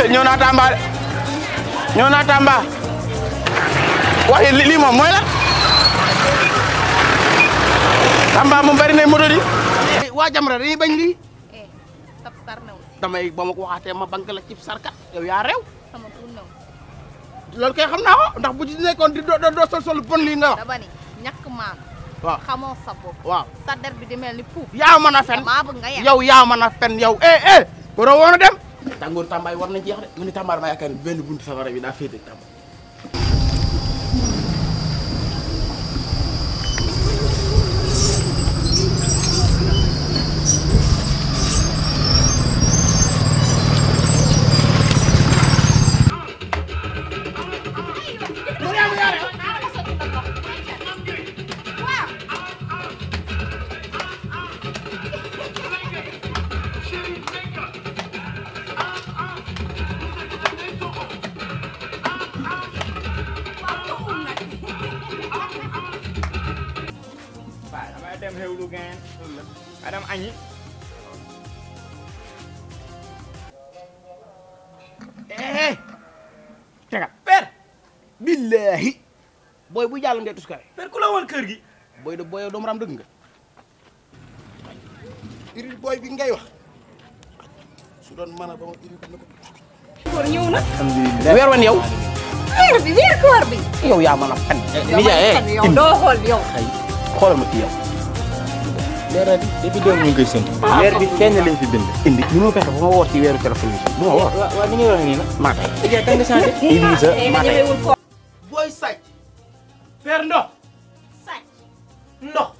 nyona Tamba nyona Tamba wah ini mom moy la Tamba mo bari ne di wajah Jamra dañuy bañ lii damay eh, bama ma ko waxate ya, ma bank la ci sarka ya, yow yaa lalu kayak kay xam naa ko ndax bu ci nekkoon di do sol sol bon li nga wax dama maam waaw sa bopp wa sa der bi di melni ya mana fen ya? yow ya mana fen yow eh eh waroo woon dem tàngooru Tamba yi war na jeex de mu ne Tamba dama yaakaar ne benn buntu safara bi daa féete Tamba em Heulogan Adam Anh billaahi booy bu jàll ngay tuskare père ku la woon kër gi booy da booy doom raam dëgg nga iril booy bi ngay wax su doon mën a ba wan yow yaa mën a fen nijaay yow doo ma ci yow leeral depuis démb ñu ngi koy sant. weer bi kenn lañ fi bind. indi ñu ma fexe ba ma woor ci weeru téléphone bi. du ma woor waaw waaw ni ngay wax nii nag. maa tey. yaa ngi sant. Idrissa maa tey. booy sàcc. fer ndox. sàcc ndox.